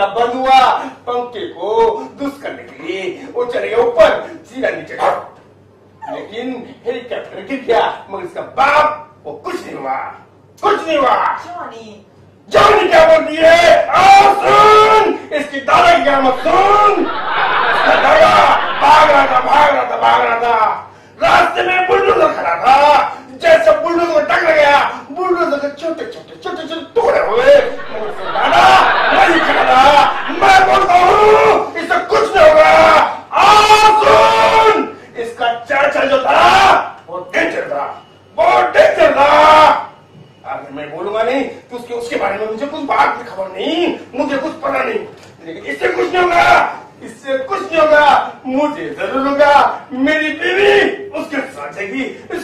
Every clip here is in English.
का बनुआ पंखे को दुष्ट करने के लिए वो चले ऊपर सीधा नीचे लेकिन हेलीकॉप्टर गिर गया मगर इसका बाप वो कुछ नहीं हुआ कुछ नहीं हुआ जॉनी जॉनी क्या बोलती है आओ सुन इसकी दादा की क्या मत सुन दादा भाग रहा था भाग रहा था भाग रहा था रास्ते में बुलडोजर खड़ा था जैसे बुलडोजर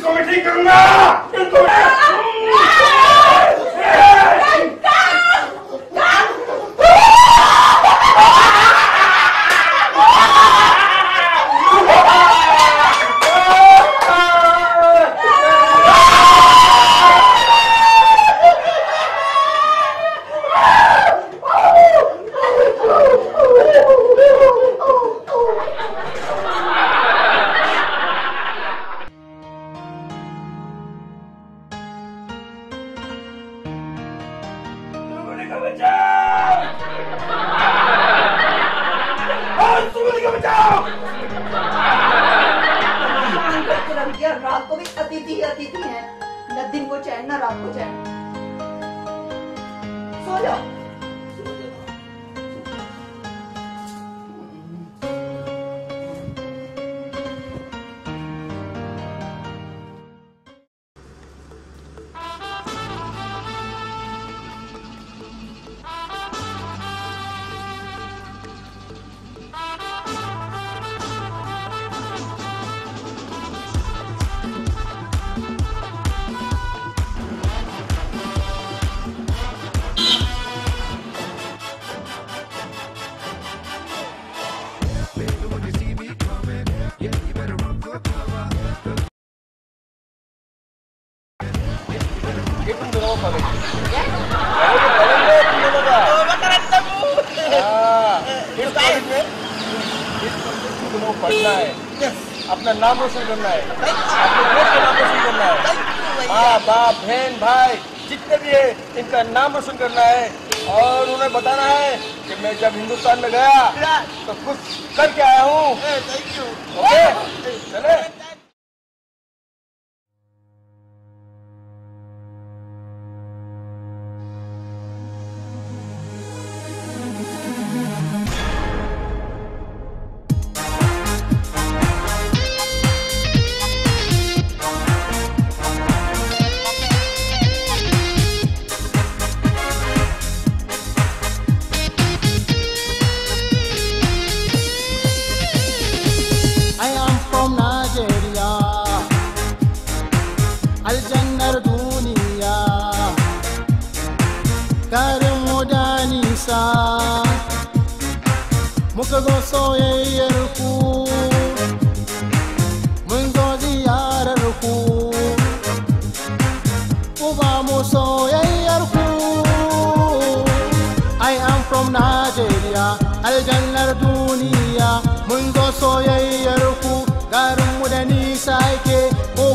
इसको भी ठीक करूंगा भी अतिथि अतिथि है न दिन को चैन न रात को चैन सो जाओ पढ़ना है अपना नाम रोशन करना है अपने नाम रोशन करना है हाँ बाप बहन भाई जितने भी है इनका नाम रोशन करना है और उन्हें बताना है कि मैं जब हिंदुस्तान में गया तो कुछ करके आया हूँ ओके चले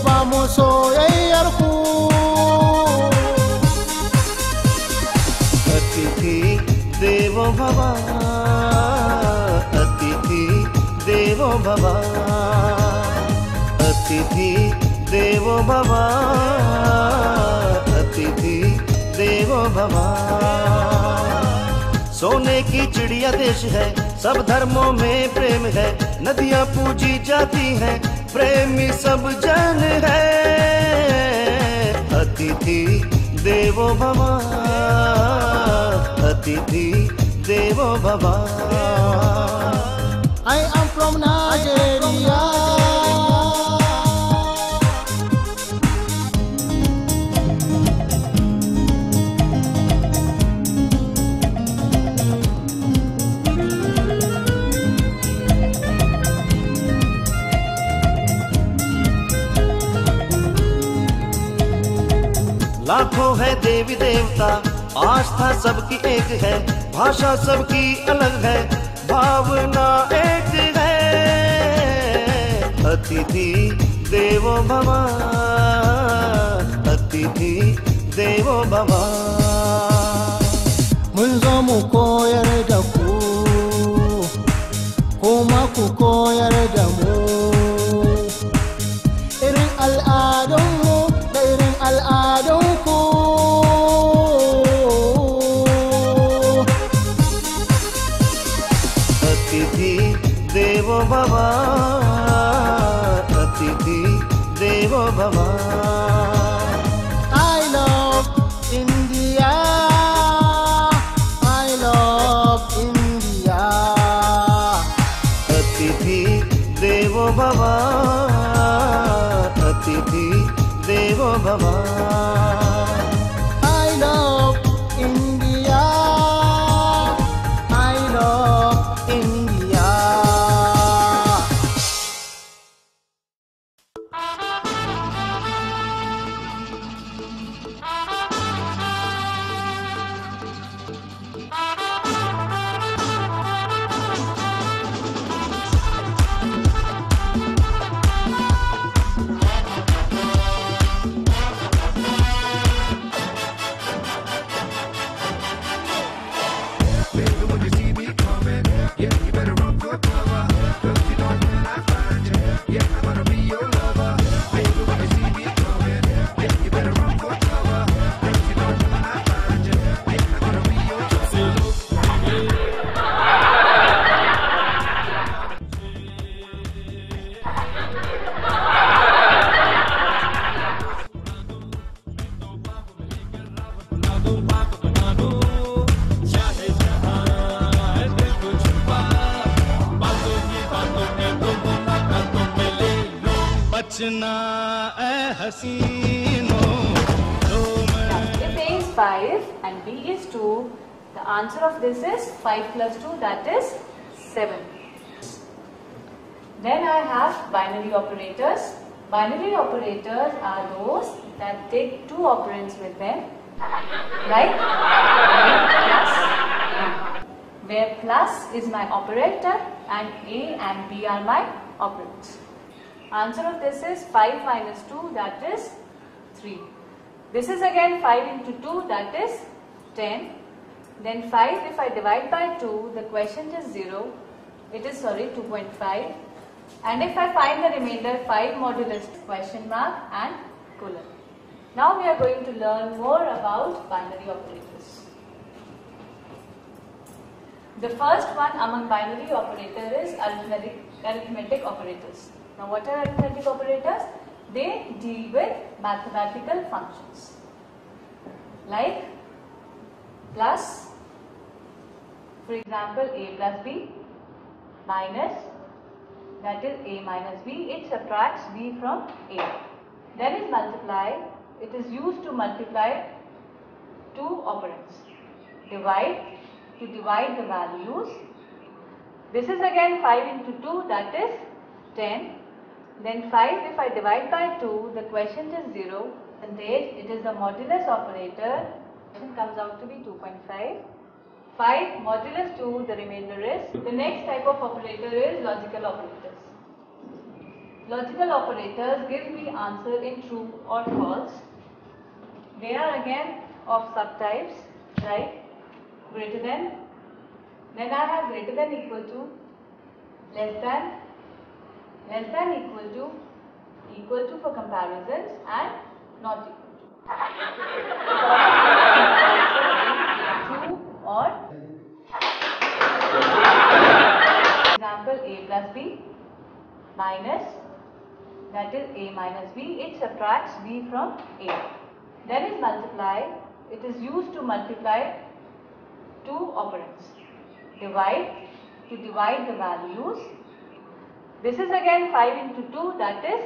ku ba अतिथि देवो भवा अतिथि देवो भवा अतिथि देवो भवा अतिथि देवो भवा सोने की चिड़िया देश है सब धर्मों में प्रेम है नदियाँ पूजी जाती हैं प्रेमी सब जन है अतिथि देवो भवा अतिथि देवो भवा आई एम फ्रॉम Nigeria. देवी देवता आस्था सबकी एक है भाषा सबकी अलग है भावना एक है अतिथि देवो भवा अतिथि देवो भवा मुझो मुको यरे जपू कोमा कुको यरे जमू Don't move, they ring answer of this is 5 plus 2 that is 7. Then I have binary operators. Binary operators are those that take two operands with them, right? Where plus, where plus is my operator and A and B are my operands. Answer of this is 5 minus 2 that is 3. This is again 5 into 2 that is 10. Then 5, if I divide by 2, the quotient is 0. It is, sorry, 2.5. And if I find the remainder, 5 modulus question mark and colon. Now we are going to learn more about binary operators. The first one among binary operators is arithmetic, arithmetic operators. Now what are arithmetic operators? They deal with mathematical functions like plus for example, a plus b minus that is a minus b. It subtracts b from a. Then is multiply. It is used to multiply two operands. Divide to divide the values. This is again 5 into 2 that is 10. Then 5 if I divide by 2 the quotient is 0 And it is the modulus operator it comes out to be 2.5 5 modulus 2 the remainder is. The next type of operator is logical operators. Logical operators give me answer in true or false. They are again of subtypes right greater than then I have greater than equal to less than less than equal to equal to for comparisons and not equal to. or example a plus b minus that is a minus b it subtracts b from a then is multiply it is used to multiply two operands divide to divide the values this is again 5 into 2 that is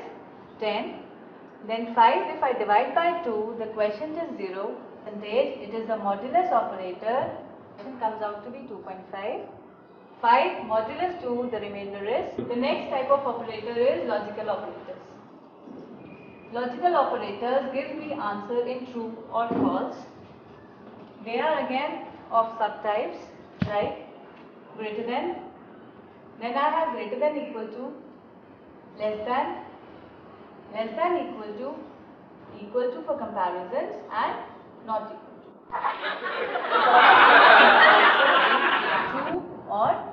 10 then 5 if I divide by 2 the quotient is 0 percentage it is a modulus operator comes out to be 2.5. 5 modulus 2 the remainder is. The next type of operator is logical operators. Logical operators give me answer in true or false. They are again of subtypes right greater than then I have greater than equal to less than less than equal to equal to for comparisons and not equal to और